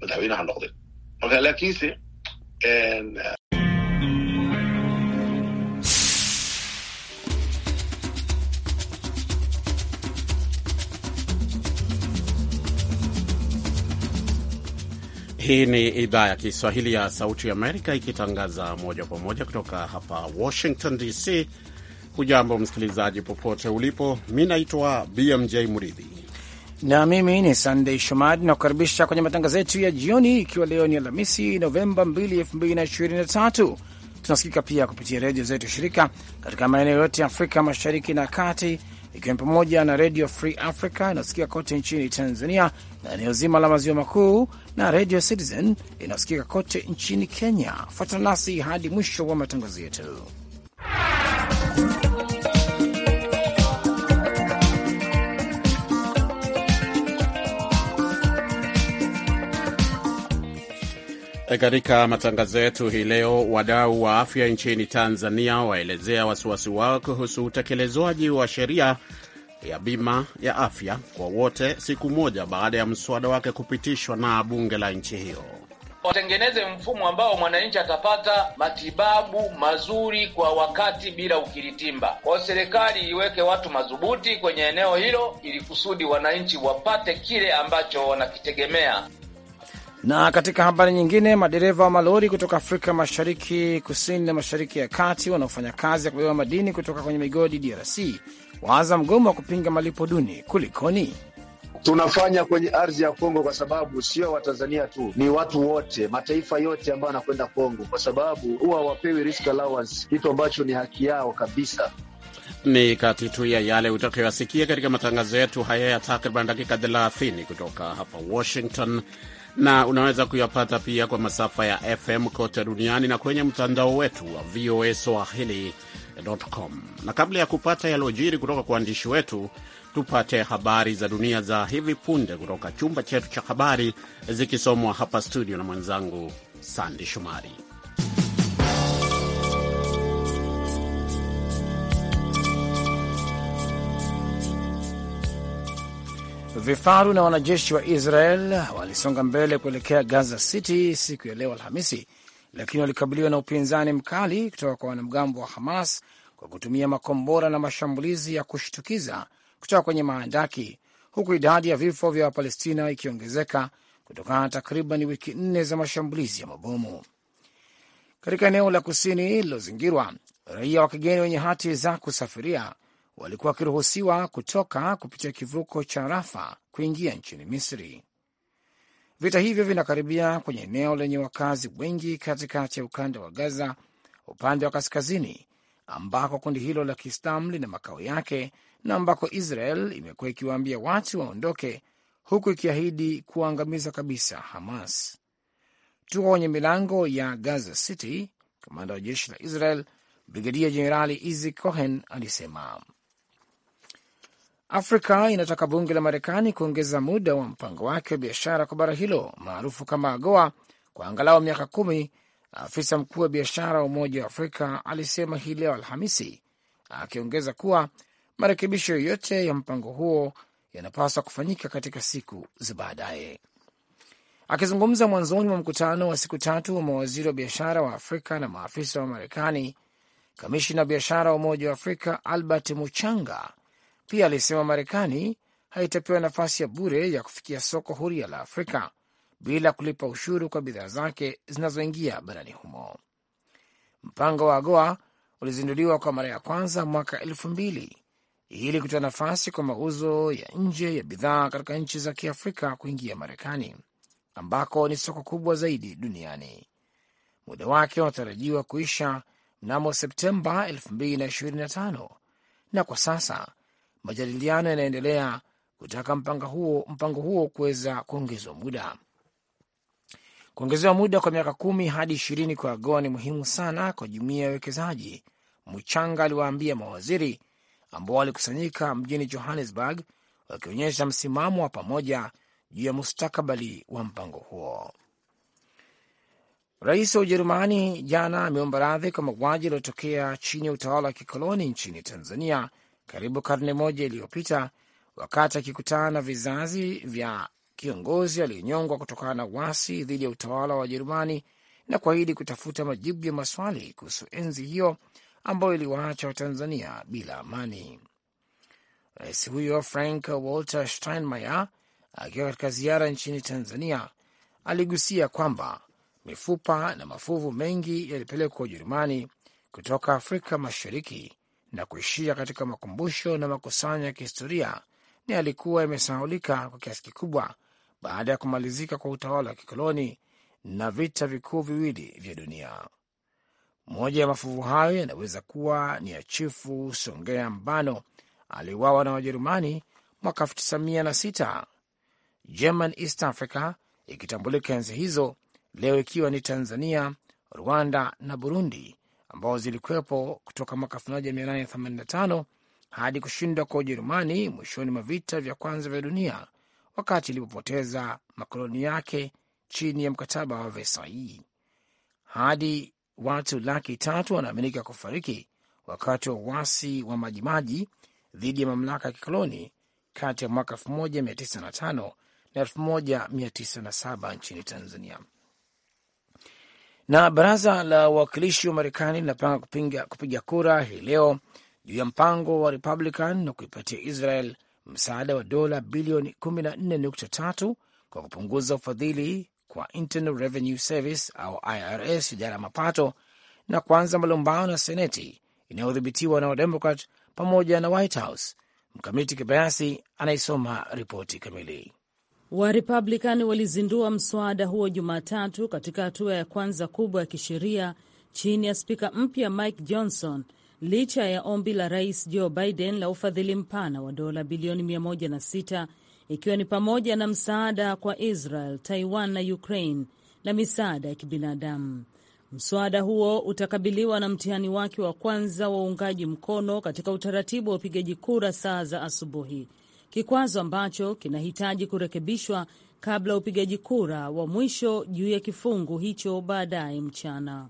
madaxweynaha noqday marka laakiinse Hii ni idhaa ya Kiswahili ya Sauti ya Amerika ikitangaza moja kwa moja kutoka hapa Washington DC. Hujambo msikilizaji, popote ulipo. Mi naitwa BMJ Muridhi na mimi ni sandey Shomari kukaribisha kwenye matangazo yetu ya jioni, ikiwa leo ni Alhamisi Novemba 2, 2023. Tunasikika pia kupitia redio zetu shirika katika maeneo yote ya Afrika Mashariki na Kati, ikiwa ni pamoja na Redio Free Africa inayosikika kote nchini Tanzania na eneo zima la maziwa makuu na Redio Citizen inayosikika kote nchini Kenya. Fuatana nasi hadi mwisho wa matangazo yetu. E, katika matangazo yetu hii leo, wadau wa afya nchini Tanzania waelezea wasiwasi wao kuhusu utekelezwaji wa sheria ya bima ya afya kwa wote siku moja baada ya mswada wake kupitishwa na bunge la nchi hiyo. Watengeneze mfumo ambao mwananchi atapata matibabu mazuri kwa wakati bila ukiritimba. Kwao serikali iweke watu madhubuti kwenye eneo hilo, ili kusudi wananchi wapate kile ambacho wanakitegemea. Na katika habari nyingine, madereva wa malori kutoka Afrika Mashariki, kusini na mashariki ya kati wanaofanya kazi ya kubeba madini kutoka kwenye migodi DRC waanza mgomo wa kupinga malipo duni. Kulikoni? tunafanya kwenye ardhi ya Kongo kwa sababu sio Watanzania tu, ni watu wote, mataifa yote ambayo anakwenda Kongo, kwa sababu huwa wapewi risk allowance, kitu ambacho ni haki yao kabisa. Ni kati tu ya yale utakayoyasikia katika matangazo yetu haya ya takriban dakika 30 kutoka hapa Washington na unaweza kuyapata pia kwa masafa ya FM kote duniani na kwenye mtandao wetu wa VOA Swahili.com. Na kabla ya kupata yaliyojiri kutoka kwa waandishi wetu, tupate habari za dunia za hivi punde kutoka chumba chetu cha habari, zikisomwa hapa studio na mwenzangu Sandi Shumari. Vifaru na wanajeshi wa Israel walisonga mbele kuelekea Gaza City siku ya leo Alhamisi, lakini walikabiliwa na upinzani mkali kutoka kwa wanamgambo wa Hamas kwa kutumia makombora na mashambulizi ya kushtukiza kutoka kwenye maandaki, huku idadi ya vifo vya Wapalestina ikiongezeka kutokana na takriban wiki nne za mashambulizi ya mabomu katika eneo la kusini lililozingirwa. Raia wa kigeni wenye hati za kusafiria walikuwa wakiruhusiwa kutoka kupitia kivuko cha Rafa kuingia nchini Misri. Vita hivyo vinakaribia kwenye eneo lenye wakazi wengi katikati ya ukanda wa Gaza upande wa kaskazini, ambako kundi hilo la Kiislamu lina makao yake na ambako Israel imekuwa ikiwaambia watu waondoke, huku ikiahidi kuwaangamiza kabisa Hamas. Tuko kwenye milango ya Gaza City, kamanda wa jeshi la Israel Brigadia Jenerali Izi Cohen alisema. Afrika inataka bunge la Marekani kuongeza muda wa mpango wake wa biashara kwa bara hilo maarufu kama AGOA kwa angalau miaka kumi. Afisa mkuu wa biashara wa Umoja wa Afrika alisema hii leo Alhamisi, akiongeza kuwa marekebisho yoyote ya mpango huo yanapaswa kufanyika katika siku za baadaye. Akizungumza mwanzoni mwa mkutano wa siku tatu wa mawaziri wa biashara wa Afrika na maafisa wa Marekani, kamishina wa biashara wa Umoja wa Afrika Albert Muchanga pia alisema Marekani haitapewa nafasi ya bure ya kufikia soko huria la Afrika bila kulipa ushuru kwa bidhaa zake zinazoingia barani humo. Mpango wa AGOA ulizinduliwa kwa mara ya kwanza mwaka elfu mbili ili kutoa nafasi kwa mauzo ya nje ya bidhaa katika nchi za Kiafrika kuingia Marekani, ambako ni soko kubwa zaidi duniani. Muda wake unatarajiwa kuisha mnamo Septemba 2025 na kwa sasa majadiliano yanaendelea kutaka mpango huo, mpango huo kuweza kuongezwa muda. Kuongezewa muda kwa miaka kumi hadi ishirini kwa AGOA ni muhimu sana kwa jumuiya ya wawekezaji, mchanga aliwaambia mawaziri ambao walikusanyika mjini Johannesburg wakionyesha msimamo wa pamoja juu ya mustakabali wa mpango huo. Rais wa Ujerumani jana ameomba radhi kwa mauaji yaliyotokea chini ya utawala wa kikoloni nchini Tanzania karibu karne moja iliyopita, wakati akikutana na vizazi vya kiongozi aliyenyongwa kutokana na wasi dhidi ya utawala wa Wajerumani na kuahidi kutafuta majibu ya maswali kuhusu enzi hiyo ambayo iliwaacha Watanzania bila amani. Rais huyo Frank Walter Steinmeier akiwa katika ziara nchini Tanzania aligusia kwamba mifupa na mafuvu mengi yalipelekwa Ujerumani kutoka Afrika Mashariki na kuishia katika makumbusho na makusanyo ya kihistoria ni yalikuwa yamesahaulika kwa kiasi kikubwa baada ya kumalizika kwa utawala wa kikoloni na vita vikuu viwili vya dunia. Moja ya mafuvu hayo yanaweza kuwa ni ya Chifu Songea Mbano aliuawa na Wajerumani mwaka 1906. German East Africa ikitambulika enzi hizo, leo ikiwa ni Tanzania, Rwanda na Burundi ambao zilikuwepo kutoka mwaka 1885 hadi kushindwa kwa Ujerumani mwishoni mwa vita vya kwanza vya dunia, wakati ilipopoteza makoloni yake chini ya mkataba wa Versailles. Hadi watu laki tatu wanaaminika kufariki wakati wa uasi wa Majimaji dhidi ya mamlaka ya kikoloni kati ya mwaka 1905 na 1907 nchini Tanzania. Na baraza la wawakilishi wa Marekani linapanga kupiga kura hii leo juu ya mpango wa Republican na kuipatia Israel msaada wa dola bilioni 14.3 kwa kupunguza ufadhili kwa Internal Revenue Service au IRS, idara ya mapato, na kuanza malumbano na Seneti inayodhibitiwa na Wademokrat pamoja na White House. Mkamiti Kibayasi anaisoma ripoti kamili. Warepublikani walizindua mswada huo Jumatatu katika hatua ya kwanza kubwa ya kisheria chini ya spika mpya Mike Johnson, licha ya ombi la rais Joe Biden la ufadhili mpana wa dola bilioni 106 ikiwa ni pamoja na msaada kwa Israel, Taiwan na Ukraine na misaada ya kibinadamu. Mswada huo utakabiliwa na mtihani wake wa kwanza wa uungaji mkono katika utaratibu wa upigaji kura saa za asubuhi kikwazo ambacho kinahitaji kurekebishwa kabla upigaji kura wa mwisho juu ya kifungu hicho baadaye mchana.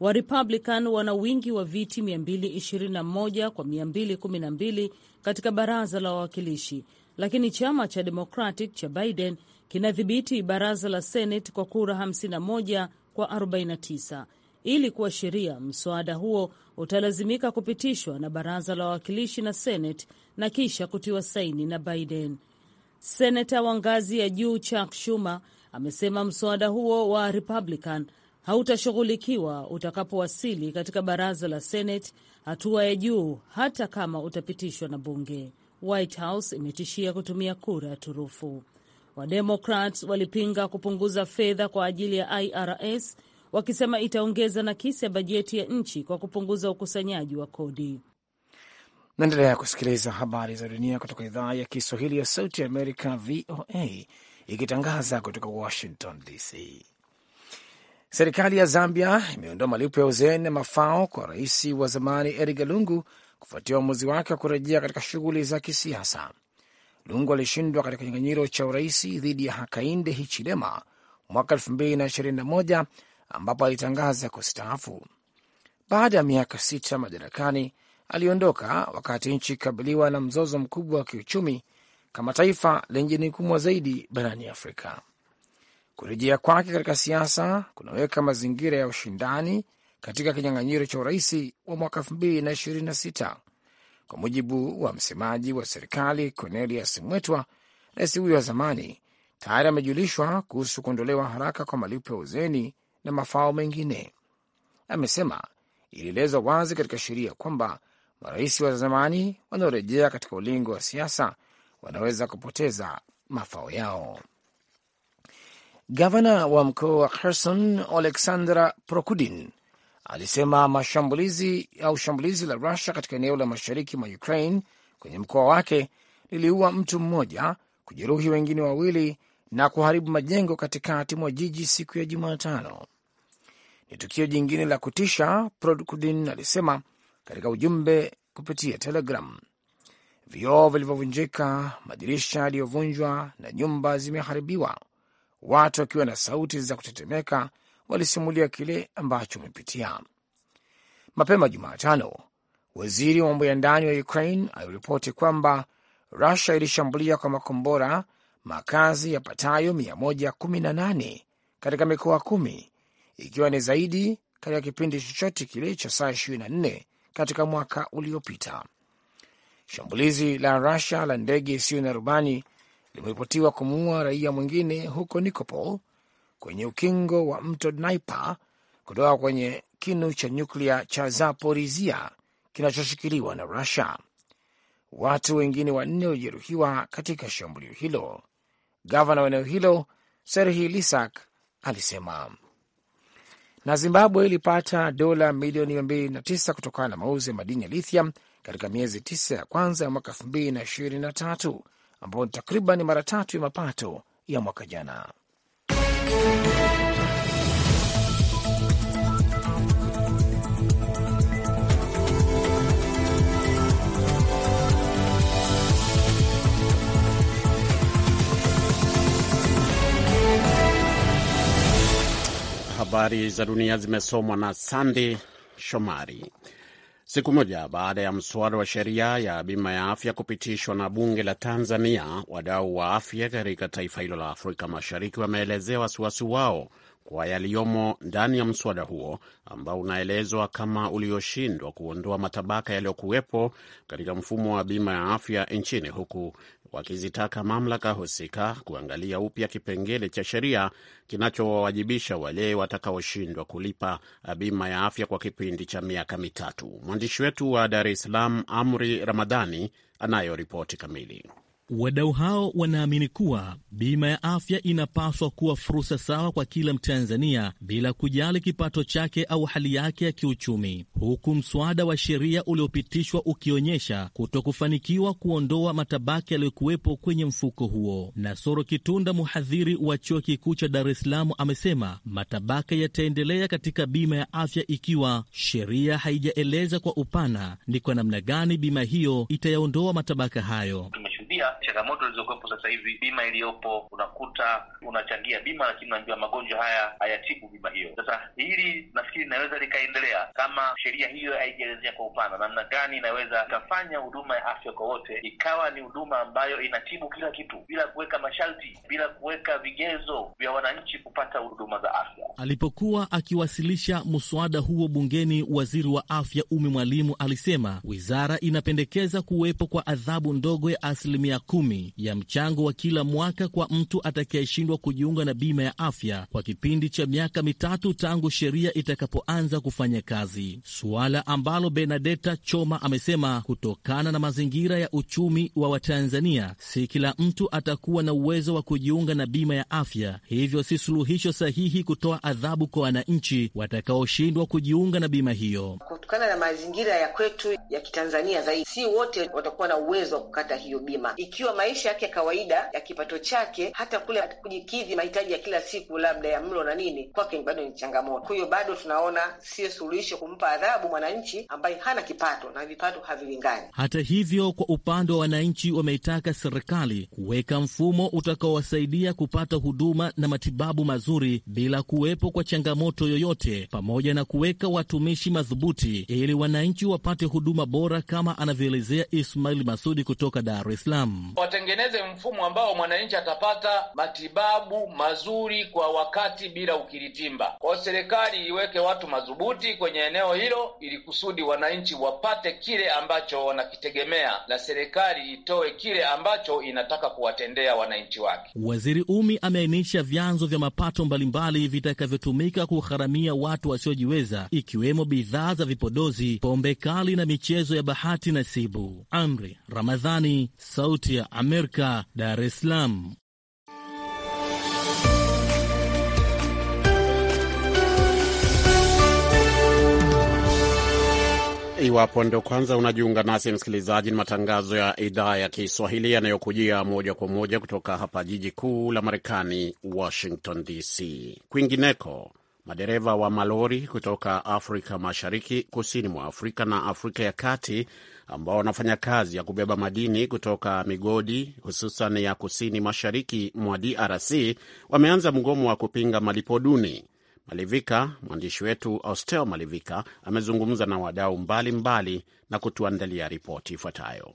Warepublican wana wingi wa viti 221 kwa 212 katika baraza la wawakilishi, lakini chama cha Democratic cha Biden kinadhibiti baraza la Senate kwa kura 51 kwa 49 ili kuwa sheria, mswada huo utalazimika kupitishwa na baraza la wawakilishi na Seneti na kisha kutiwa saini na Biden. senata wa ngazi ya juu Chuck Schumer amesema mswada huo wa Republican hautashughulikiwa utakapowasili katika baraza la Seneti, hatua ya juu, hata kama utapitishwa na bunge. White House imetishia kutumia kura ya turufu. Wademokrat walipinga kupunguza fedha kwa ajili ya IRS wakisema itaongeza nakisi ya bajeti ya nchi kwa kupunguza ukusanyaji wa kodi. Naendelea kusikiliza habari za dunia kutoka idhaa ya Kiswahili ya Sauti ya Amerika, VOA, ikitangaza kutoka Washington DC. Serikali ya Zambia imeondoa malipo ya uzeeni na mafao kwa rais wa zamani Edgar Lungu kufuatia uamuzi wake wa kurejea katika shughuli za kisiasa. Lungu alishindwa katika kinyang'anyiro cha urais dhidi ya Hakainde Hichilema mwaka 221 ambapo alitangaza kustaafu. Baada ya miaka sita madarakani, aliondoka wakati nchi ikikabiliwa na mzozo mkubwa wa kiuchumi kama taifa lenye deni kubwa zaidi barani Afrika. Kurejea kwake katika siasa kunaweka mazingira ya ushindani katika kinyang'anyiro cha uraisi wa mwaka sita kwa mujibu wa msemaji wa serikali Cornelius Mwetwa. Rais huyo wa zamani tayari amejulishwa kuhusu kuondolewa haraka kwa malipo ya uzeni na mafao mengine. Amesema ilielezwa wazi katika sheria kwamba marais wa zamani wanaorejea katika ulingo wa siasa wanaweza kupoteza mafao yao. Gavana wa mkoa wa Kherson alexandra Prokudin alisema mashambulizi au shambulizi la Rusia katika eneo la mashariki mwa Ukraine kwenye mkoa wake liliua mtu mmoja, kujeruhi wengine wawili na kuharibu majengo katikati mwa jiji siku ya Jumatano. Ni tukio jingine la kutisha, prodkudin alisema katika ujumbe kupitia Telegram. Vioo vilivyovunjika, madirisha yaliyovunjwa na nyumba zimeharibiwa. Watu wakiwa na sauti za kutetemeka walisimulia kile ambacho wamepitia. Mapema Jumatano, waziri wa mambo ya ndani wa Ukraine aliripoti kwamba Rusia ilishambulia kwa makombora makazi yapatayo 118 katika mikoa kumi ikiwa ni zaidi katika kipindi chochote kile cha saa 24 katika mwaka uliopita. Shambulizi la Rusia la ndege isiyo na rubani limeripotiwa kumuua raia mwingine huko Nikopol kwenye ukingo wa mto Dnaipa kutoka kwenye kinu cha nyuklia cha Zaporizia kinachoshikiliwa na Rusia. Watu wengine wanne walijeruhiwa katika shambulio hilo. Gavana wa eneo hilo Serhi Lisak alisema. Na Zimbabwe ilipata dola milioni 29 kutokana na mauzo ya madini ya lithium katika miezi tisa ya kwanza ya mwaka 2023 ambao ni takriban mara tatu ya mapato ya mwaka jana. Habari za dunia zimesomwa na Sandi Shomari. Siku moja baada ya mswada wa sheria ya bima ya afya kupitishwa na bunge la Tanzania, wadau wa afya katika taifa hilo la Afrika Mashariki wameelezea wasiwasi wao kwa yaliyomo ndani ya mswada huo ambao unaelezwa kama ulioshindwa kuondoa matabaka yaliyokuwepo katika mfumo wa bima ya afya nchini, huku wakizitaka mamlaka husika kuangalia upya kipengele cha sheria kinachowawajibisha wale watakaoshindwa kulipa bima ya afya kwa kipindi cha miaka mitatu. Mwandishi wetu wa Dar es Salaam, Amri Ramadhani, anayo ripoti kamili. Wadau hao wanaamini kuwa bima ya afya inapaswa kuwa fursa sawa kwa kila Mtanzania bila kujali kipato chake au hali yake ya kiuchumi, huku mswada wa sheria uliopitishwa ukionyesha kutokufanikiwa kuondoa matabaki yaliyokuwepo kwenye mfuko huo. Nasoro Kitunda, mhadhiri wa chuo kikuu cha Dar es Salaam, amesema matabaka yataendelea katika bima ya afya ikiwa sheria haijaeleza kwa upana ni kwa namna gani bima hiyo itayaondoa matabaka hayo changamoto zilizokuwepo sasa hivi, bima iliyopo, unakuta unachangia bima, lakini unajua magonjwa haya hayatibu bima hiyo. Sasa hili nafikiri inaweza likaendelea kama sheria hiyo haijaelezea kwa upana namna gani inaweza ikafanya huduma ya afya kwa wote ikawa ni huduma ambayo inatibu kila kitu bila kuweka masharti, bila kuweka vigezo vya wananchi kupata huduma za afya. Alipokuwa akiwasilisha mswada huo bungeni, waziri wa afya Umi Mwalimu alisema wizara inapendekeza kuwepo kwa adhabu ndogo ya asilimia kumi ya mchango wa kila mwaka kwa mtu atakayeshindwa kujiunga na bima ya afya kwa kipindi cha miaka mitatu tangu sheria itakapoanza kufanya kazi, suala ambalo Benadeta Choma amesema kutokana na mazingira ya uchumi wa Watanzania si kila mtu atakuwa na uwezo wa kujiunga na bima ya afya, hivyo si suluhisho sahihi kutoa adhabu kwa wananchi watakaoshindwa kujiunga na bima hiyo. Kutokana na mazingira ya kwetu ya Kitanzania zaidi, si wote watakuwa na uwezo wa kukata hiyo bima ikiwa maisha yake ya kawaida ya kipato chake hata kule kujikidhi mahitaji ya kila siku labda ya mlo na nini, kwake bado ni changamoto. Kwa hiyo bado tunaona sio suluhisho kumpa adhabu mwananchi ambaye hana kipato na vipato havilingani. Hata hivyo, kwa upande wa wananchi, wameitaka serikali kuweka mfumo utakaowasaidia kupata huduma na matibabu mazuri bila kuwepo kwa changamoto yoyote, pamoja na kuweka watumishi madhubuti ili wananchi wapate huduma bora, kama anavyoelezea Ismail Masudi kutoka Dar es Salaam. Mm. watengeneze mfumo ambao mwananchi atapata matibabu mazuri kwa wakati bila ukiritimba. Kwa serikali iweke watu madhubuti kwenye eneo hilo, ili kusudi wananchi wapate kile ambacho wanakitegemea na serikali itoe kile ambacho inataka kuwatendea wananchi wake. Waziri Umi ameainisha vyanzo vya mapato mbalimbali vitakavyotumika kugharamia watu wasiojiweza, ikiwemo bidhaa za vipodozi, pombe kali na michezo ya bahati nasibu. Amri Ramadhani, Sauti Sauti ya Amerika, Dar es Salaam. Iwapo ndio kwanza unajiunga nasi msikilizaji, ni matangazo ya idhaa ya Kiswahili yanayokujia moja kwa moja kutoka hapa jiji kuu la Marekani, Washington DC. Kwingineko, madereva wa malori kutoka Afrika Mashariki, kusini mwa Afrika na Afrika ya Kati ambao wanafanya kazi ya kubeba madini kutoka migodi hususan ya kusini mashariki mwa DRC wameanza mgomo wa kupinga malipo duni. Malivika, mwandishi wetu Austel Malivika amezungumza na wadau mbalimbali na kutuandalia ripoti ifuatayo.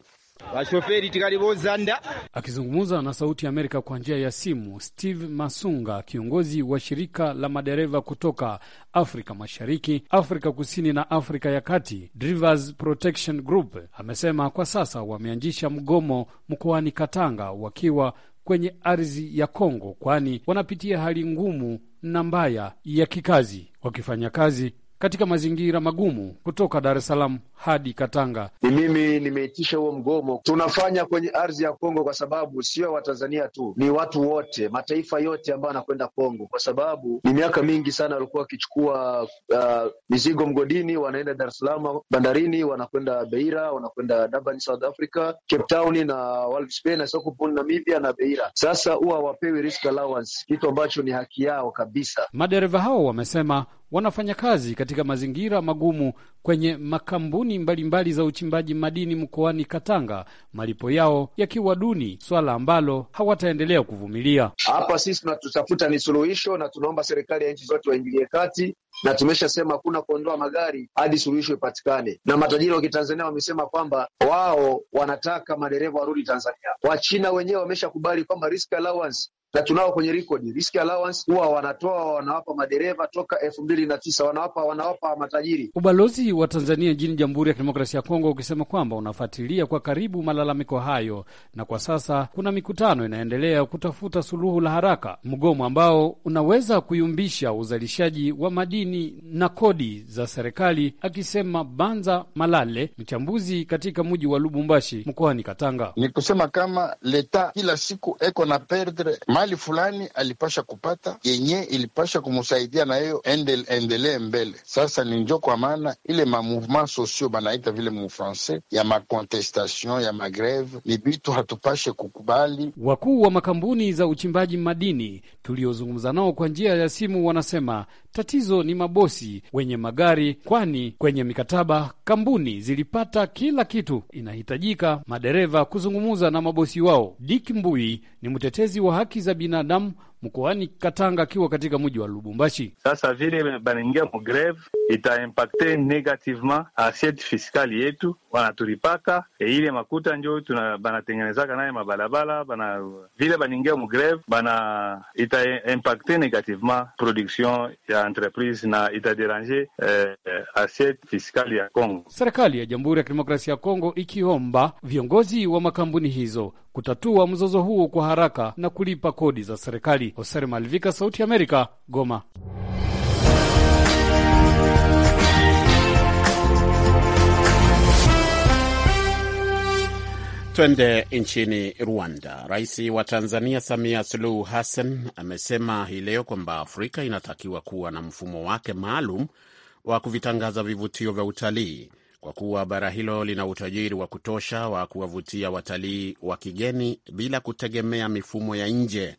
Washoferi tikalivozanda. Akizungumza na Sauti ya Amerika kwa njia ya simu, Steve Masunga, kiongozi wa shirika la madereva kutoka Afrika Mashariki, Afrika Kusini na Afrika ya Kati, Drivers Protection Group, amesema kwa sasa wameanzisha mgomo mkoani Katanga wakiwa kwenye ardhi ya Kongo, kwani wanapitia hali ngumu na mbaya ya kikazi wakifanya kazi katika mazingira magumu kutoka Dar es Salaam hadi Katanga. Ni mimi nimeitisha huo mgomo, tunafanya kwenye ardhi ya Kongo kwa sababu sio Watanzania tu, ni watu wote, mataifa yote ambayo anakwenda Kongo, kwa sababu ni miaka mingi sana walikuwa wakichukua uh, mizigo mgodini, wanaenda Dar es Salaam bandarini, wanakwenda Beira, wanakwenda Durban South Africa, Cape Town na Walvisbay na Sokopon Namibia na Beira. Sasa huwa hawapewi risk allowance, kitu ambacho ni haki yao kabisa. Madereva hao wamesema wanafanya kazi katika mazingira magumu kwenye makampuni mbalimbali za uchimbaji madini mkoani Katanga, malipo yao yakiwa duni, swala ambalo hawataendelea kuvumilia. Hapa sisi tunatutafuta ni suluhisho, na tunaomba serikali ya nchi zote waingilie kati, na tumeshasema hakuna kuondoa magari hadi suluhisho ipatikane. Na matajiri wa Kitanzania wamesema kwamba wao wanataka madereva warudi Tanzania. Wachina wenyewe wameshakubali kwamba risk allowance na tunao kwenye rekodi. Risk allowance huwa wanatoa wanawapa madereva toka elfu mbili na tisa wanawapa wanawapa matajiri. Ubalozi wa Tanzania nchini Jamhuri ya Kidemokrasia ya Kongo ukisema kwamba unafuatilia kwa karibu malalamiko hayo, na kwa sasa kuna mikutano inaendelea kutafuta suluhu la haraka, mgomo ambao unaweza kuyumbisha uzalishaji wa madini na kodi za serikali, akisema Banza Malale, mchambuzi katika mji wa Lubumbashi mkoani Katanga. Ni kusema kama leta kila siku eko na perdre mali fulani alipasha kupata yenye ilipasha kumsaidia nayo endele, endelee mbele. Sasa ni njo kwa maana ile ma mouvement sociaux banaita vile mufrancais ya makontestation ya magreve ni vitu hatupashe kukubali. Wakuu wa makampuni za uchimbaji madini tuliozungumza nao kwa njia ya simu wanasema tatizo ni mabosi wenye magari, kwani kwenye mikataba kampuni zilipata kila kitu. Inahitajika madereva kuzungumza na mabosi wao. Dick Mbui ni mtetezi wa haki sabina dam mkoani Katanga akiwa katika mji wa Lubumbashi. Sasa vile banaingia mugreve itaimpakte negativement asiete fiskali yetu, wanaturipaka e ile makuta njo banatengenezaka naye mabalabala bana, vile banaingia mugreve bana itaimpakte negativement production ya entreprise na itaderange eh, e, asiete fiskali ya congo Serikali ya Jamhuri ya Kidemokrasia ya Kongo ikiomba viongozi wa makampuni hizo kutatua mzozo huo kwa haraka na kulipa kodi za serikali. Oser Malvika, Sauti Amerika, Goma. Twende nchini Rwanda. Rais wa Tanzania Samia Suluhu Hassan amesema hii leo kwamba Afrika inatakiwa kuwa na mfumo wake maalum wa kuvitangaza vivutio vya utalii kwa kuwa bara hilo lina utajiri wa kutosha wa kuwavutia watalii wa kigeni bila kutegemea mifumo ya nje.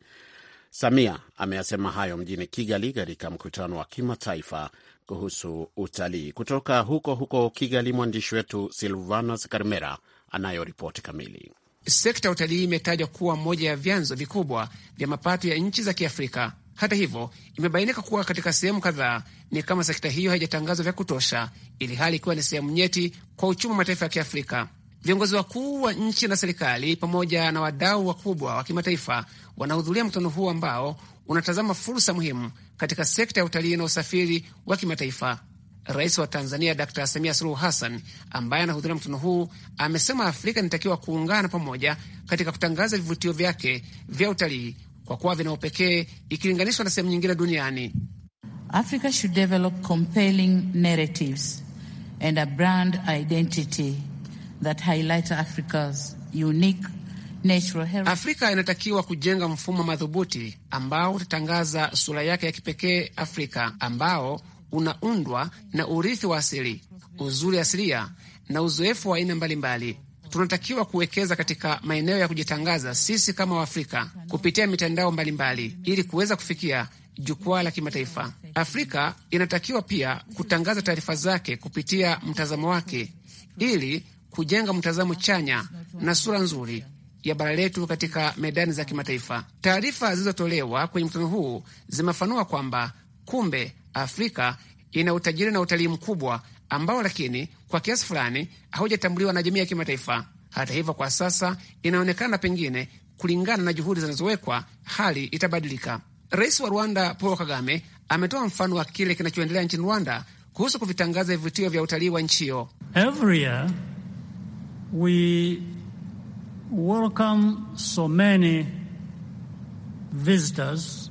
Samia ameyasema hayo mjini Kigali katika mkutano wa kimataifa kuhusu utalii. Kutoka huko huko Kigali, mwandishi wetu Silvanas Karmera anayo ripoti kamili. Sekta ya utalii imetajwa kuwa moja ya vyanzo vikubwa vya mapato ya nchi za Kiafrika. Hata hivyo, imebainika kuwa katika sehemu kadhaa ni kama sekta hiyo haijatangazwa vya kutosha, ili hali ikiwa ni sehemu nyeti kwa uchumi wa mataifa ya Kiafrika. Viongozi wakuu wa nchi na serikali pamoja na wadau wakubwa wa kimataifa wanahudhuria mkutano huu ambao unatazama fursa muhimu katika sekta ya utalii na usafiri wa kimataifa. Rais wa Tanzania Dr Samia Suluhu Hassan, ambaye anahudhuria mkutano huu, amesema Afrika inatakiwa kuungana pamoja katika kutangaza vivutio vyake vya utalii kwa kuwa vina upekee ikilinganishwa na sehemu nyingine duniani. Africa should develop compelling narratives and a brand identity that highlight Africa's unique Afrika inatakiwa kujenga mfumo madhubuti ambao utatangaza sura yake ya kipekee Afrika, ambao unaundwa na urithi wa asili, uzuri asilia na uzoefu wa aina mbalimbali. Tunatakiwa kuwekeza katika maeneo ya kujitangaza sisi kama Waafrika kupitia mitandao mbalimbali ili kuweza kufikia jukwaa la kimataifa. Afrika inatakiwa pia kutangaza taarifa zake kupitia mtazamo wake ili kujenga mtazamo chanya na sura nzuri ya bara letu katika medani za kimataifa. Taarifa zilizotolewa kwenye mkutano huu zimefanua kwamba kumbe Afrika ina utajiri na utalii mkubwa ambao lakini kwa kiasi fulani haujatambuliwa na jamii ya kimataifa. Hata hivyo, kwa sasa inaonekana pengine, kulingana na juhudi zinazowekwa, hali itabadilika. Rais wa Rwanda Paul Kagame ametoa mfano wa kile kinachoendelea nchini Rwanda kuhusu kuvitangaza vivutio vya utalii wa nchi hiyo welcome so many visitors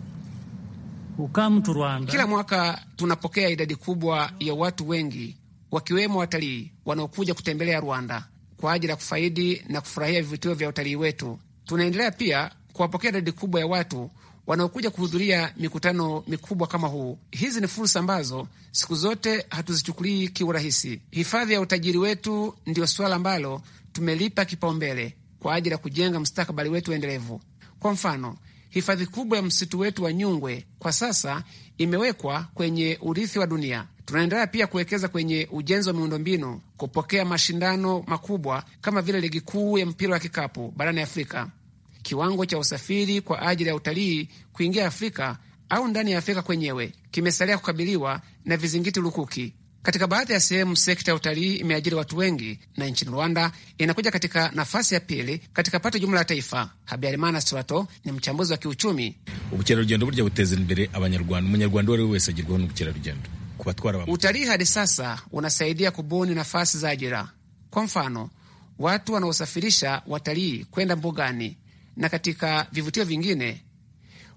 who come to Rwanda. Kila mwaka tunapokea idadi kubwa ya watu wengi wakiwemo watalii wanaokuja kutembelea Rwanda kwa ajili ya kufaidi na kufurahia vivutio vya utalii wetu. Tunaendelea pia kuwapokea idadi kubwa ya watu wanaokuja kuhudhuria mikutano mikubwa kama huu. Hizi ni fursa ambazo siku zote hatuzichukulii kiurahisi. Hifadhi ya utajiri wetu ndiyo suala ambalo tumelipa kipaumbele kwa ajili ya kujenga mustakabali wetu endelevu. Kwa mfano, hifadhi kubwa ya msitu wetu wa Nyungwe kwa sasa imewekwa kwenye urithi wa dunia. Tunaendelea pia kuwekeza kwenye ujenzi wa miundombinu, kupokea mashindano makubwa kama vile ligi kuu ya mpira wa kikapu barani Afrika, kiwango cha usafiri kwa ajili ya utalii kuingia Afrika au ndani ya Afrika kwenyewe kimesalia kukabiliwa na vizingiti lukuki katika baadhi ya sehemu, sekta ya utalii imeajiri watu wengi, na nchini Rwanda inakuja katika nafasi ya pili katika pato jumla ya taifa. Habyarimana Strato ni mchambuzi wa kiuchumi. ubukerarugendo burya buteza imbere abanyarwanda umunyarwanda uwo ari we wese agerwaho n'ubukerarugendo kubatwara. Utalii hadi sasa unasaidia kubuni nafasi za ajira, kwa mfano watu wanaosafirisha watalii kwenda mbugani na katika vivutio vingine.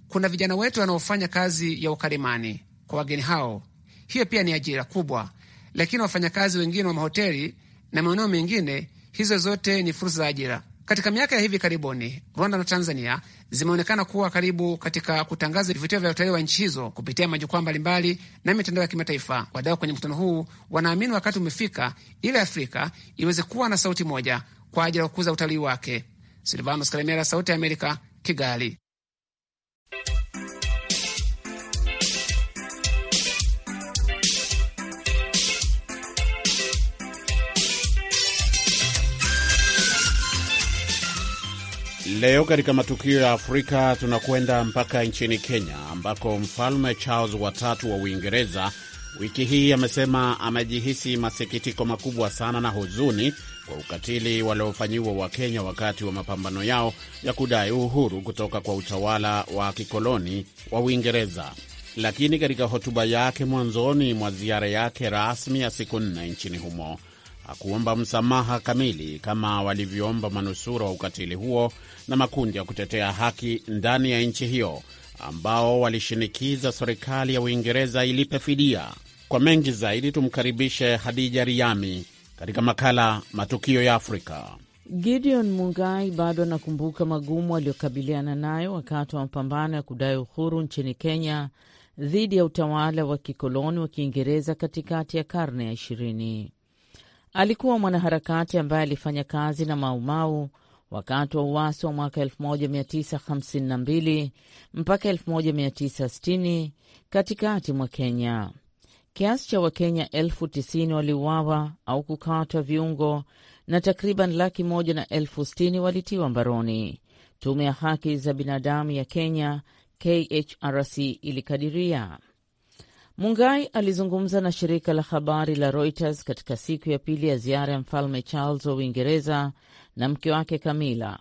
Kuna vijana wetu wanaofanya kazi ya ukalimani kwa wageni hao, hiyo pia ni ajira kubwa lakini wafanyakazi wengine wa mahoteli na maeneo mengine, hizo zote ni fursa za ajira. Katika miaka ya hivi karibuni Rwanda na Tanzania zimeonekana kuwa karibu katika kutangaza vivutio vya utalii wa nchi hizo kupitia majukwaa mbalimbali na mitandao ya kimataifa. Wadau kwenye mkutano huu wanaamini wakati umefika ili Afrika iweze kuwa na sauti moja kwa ajili ya kukuza utalii wake. Silvanos Kalemera, Sauti ya Amerika, Kigali. Leo katika matukio ya Afrika tunakwenda mpaka nchini Kenya ambako Mfalme Charles watatu wa Uingereza wiki hii amesema amejihisi masikitiko makubwa sana na huzuni kwa ukatili waliofanyiwa Wakenya wakati wa mapambano yao ya kudai uhuru kutoka kwa utawala wa kikoloni wa Uingereza. Lakini katika hotuba yake mwanzoni mwa ziara yake rasmi ya siku nne nchini humo hakuomba msamaha kamili kama walivyoomba manusura wa ukatili huo na makundi ya kutetea haki ndani ya nchi hiyo ambao walishinikiza serikali ya Uingereza ilipe fidia. Kwa mengi zaidi, tumkaribishe Hadija Riami katika makala Matukio ya Afrika. Gideon Mungai bado anakumbuka magumu aliyokabiliana nayo wakati wa mapambano ya kudai uhuru nchini Kenya dhidi ya utawala wa kikoloni wa Kiingereza katikati ya karne ya ishirini. Alikuwa mwanaharakati ambaye alifanya kazi na Maumau wakati wa uwasi wa mwaka 1952 mpaka 1960 katikati mwa Kenya. Kiasi cha Wakenya elfu tisini waliuawa au kukatwa viungo na takriban laki moja na elfu sitini walitiwa mbaroni. Tume ya haki za binadamu ya Kenya KHRC ilikadiria Mungai alizungumza na shirika la habari la Reuters katika siku ya pili ya ziara ya mfalme Charles wa Uingereza na mke wake Kamila.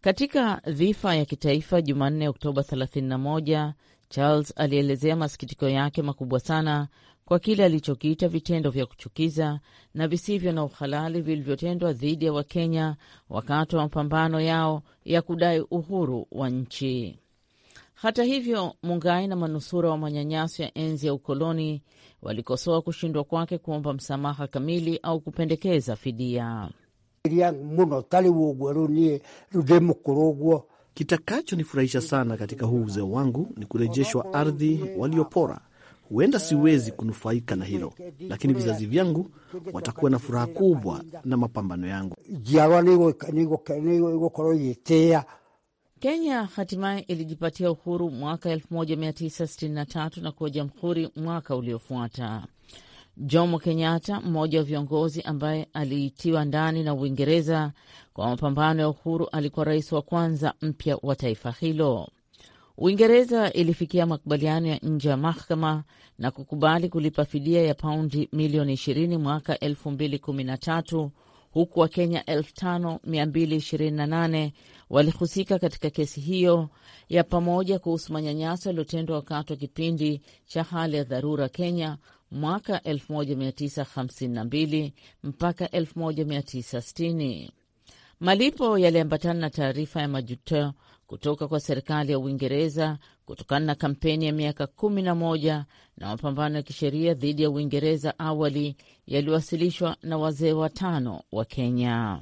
Katika dhifa ya kitaifa Jumanne, Oktoba 31, Charles alielezea masikitiko yake makubwa sana kwa kile alichokiita vitendo vya kuchukiza na visivyo na uhalali vilivyotendwa dhidi ya Wakenya wakati wa mapambano yao ya kudai uhuru wa nchi. Hata hivyo, Mungai na manusura wa manyanyaso ya enzi ya ukoloni walikosoa kushindwa kwake kuomba msamaha kamili au kupendekeza fidia. Kitakachonifurahisha sana katika huu uzee wangu ni kurejeshwa ardhi waliopora. Huenda siwezi kunufaika na hilo, lakini vizazi vyangu watakuwa na furaha kubwa na mapambano yangu. Kenya hatimaye ilijipatia uhuru mwaka 1963 na kuwa jamhuri mwaka uliofuata. Jomo Kenyatta, mmoja wa viongozi ambaye aliitiwa ndani na Uingereza kwa mapambano ya uhuru, alikuwa rais wa kwanza mpya wa taifa hilo. Uingereza ilifikia makubaliano ya nje ya mahakama na kukubali kulipa fidia ya paundi milioni 20 mwaka huku Wakenya 5228 walihusika katika kesi hiyo ya pamoja kuhusu manyanyaso yaliyotendwa wakati wa kipindi cha hali ya dharura Kenya mwaka 1952 mpaka 1960. Malipo yaliambatana na taarifa ya majuto kutoka kwa serikali ya Uingereza kutokana na kampeni ya miaka kumi na moja na mapambano ya kisheria dhidi ya Uingereza awali yaliyowasilishwa na wazee watano wa Kenya.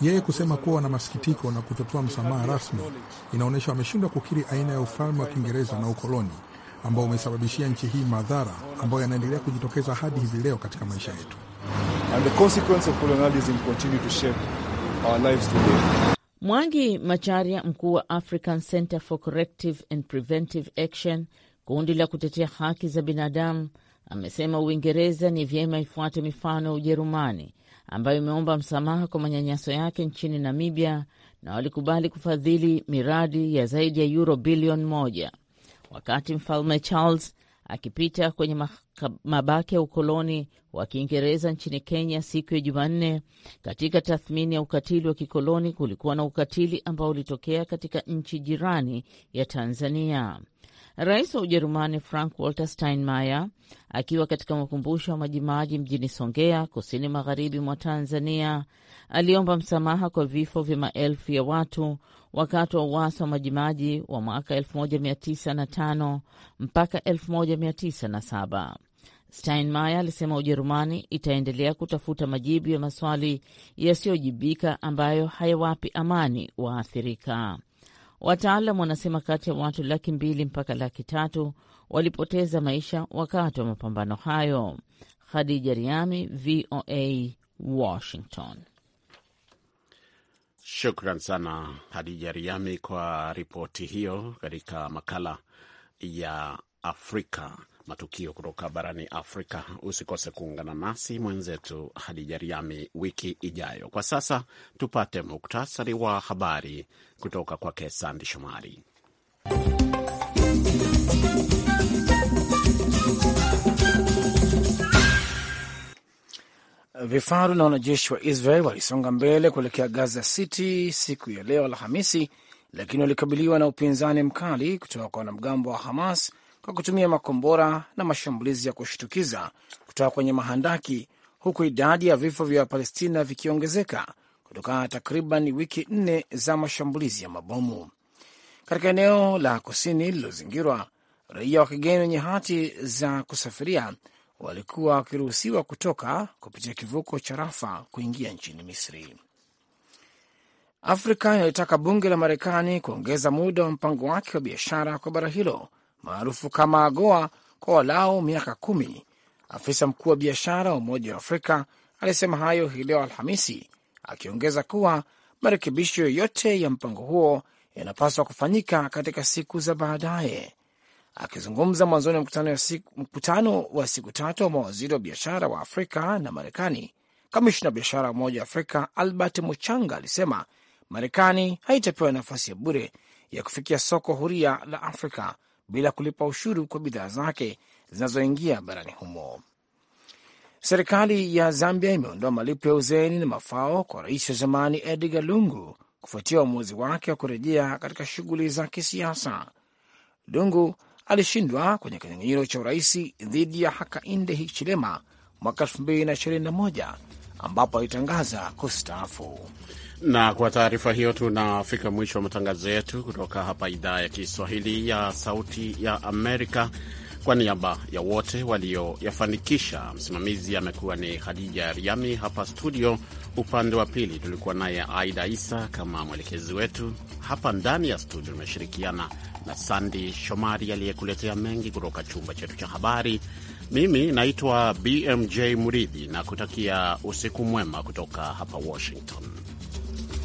Yeye kusema kuwa wana masikitiko na kutotoa msamaha rasmi inaonyesha wameshindwa kukiri aina ya ufalme wa Kiingereza na ukoloni ambao umesababishia nchi hii madhara ambayo yanaendelea kujitokeza hadi hivi leo katika maisha yetu. And the consequence of colonialism continue to shape our lives today. Mwangi Macharia, mkuu wa African Center for Corrective and Preventive Action, kundi la kutetea haki za binadamu, amesema Uingereza ni vyema ifuate mifano ya Ujerumani ambayo imeomba msamaha kwa manyanyaso yake nchini Namibia na walikubali kufadhili miradi ya zaidi ya euro bilioni moja wakati mfalme Charles akipita kwenye mabaki ya ukoloni wa Kiingereza nchini Kenya siku ya Jumanne. Katika tathmini ya ukatili wa kikoloni, kulikuwa na ukatili ambao ulitokea katika nchi jirani ya Tanzania. Rais wa Ujerumani Frank Walter Steinmeier akiwa katika makumbusho wa Majimaji mjini Songea, kusini magharibi mwa Tanzania, aliomba msamaha kwa vifo vya maelfu ya watu wakati wa uasi wa Majimaji wa mwaka 1905 mpaka 1907. Steinmeier alisema Ujerumani itaendelea kutafuta majibu ya maswali yasiyojibika ambayo hayawapi amani waathirika. Wataalam wanasema kati ya watu laki mbili mpaka laki tatu walipoteza maisha wakati wa mapambano hayo. Khadija Riami, VOA, Washington. Shukran sana Hadija Riami kwa ripoti hiyo katika makala ya Afrika matukio kutoka barani Afrika. Usikose kuungana nasi mwenzetu Hadija Riami wiki ijayo. Kwa sasa tupate muktasari wa habari kutoka kwake Sandi Shomari. Vifaru na wanajeshi wa Israel walisonga mbele kuelekea Gaza City siku ya leo Alhamisi, lakini walikabiliwa na upinzani mkali kutoka kwa wanamgambo wa Hamas kwa kutumia makombora na mashambulizi ya kushtukiza kutoka kwenye mahandaki, huku idadi ya vifo vya Wapalestina vikiongezeka kutokana na takriban wiki nne za mashambulizi ya mabomu katika eneo la kusini lililozingirwa. Raia wa kigeni wenye hati za kusafiria walikuwa wakiruhusiwa kutoka kupitia kivuko cha Rafa kuingia nchini Misri. Afrika inalitaka bunge la Marekani kuongeza muda wa mpango wake wa biashara kwa bara hilo maarufu kama AGOA kwa walau miaka kumi. Afisa mkuu wa biashara wa Umoja wa Afrika alisema hayo hii leo Alhamisi, akiongeza kuwa marekebisho yoyote ya mpango huo yanapaswa kufanyika katika siku za baadaye. Akizungumza mwanzoni wa mkutano, mkutano wa siku tatu wa mawaziri wa biashara wa Afrika na Marekani, kamishna wa biashara wa Umoja wa Afrika Albert Muchanga alisema Marekani haitapewa nafasi ya bure ya kufikia soko huria la Afrika bila kulipa ushuru kwa bidhaa zake zinazoingia barani humo. Serikali ya Zambia imeondoa malipo ya uzeeni na mafao kwa rais wa zamani Edgar Lungu kufuatia uamuzi wake wa kurejea katika shughuli za kisiasa. Lungu alishindwa kwenye kinyang'anyiro cha urais dhidi ya Hakainde Hichilema mwaka 2021 ambapo alitangaza kustaafu. Na kwa taarifa hiyo tunafika mwisho wa matangazo yetu kutoka hapa idhaa ya Kiswahili ya Sauti ya Amerika. Kwa niaba ya wote walioyafanikisha, msimamizi amekuwa ni Khadija Riami. Hapa studio upande wa pili tulikuwa naye Aida Isa kama mwelekezi wetu. Hapa ndani ya studio tumeshirikiana na Sandi Shomari aliyekuletea mengi kutoka chumba chetu cha habari. Mimi naitwa BMJ Muridhi na kutakia usiku mwema kutoka hapa Washington.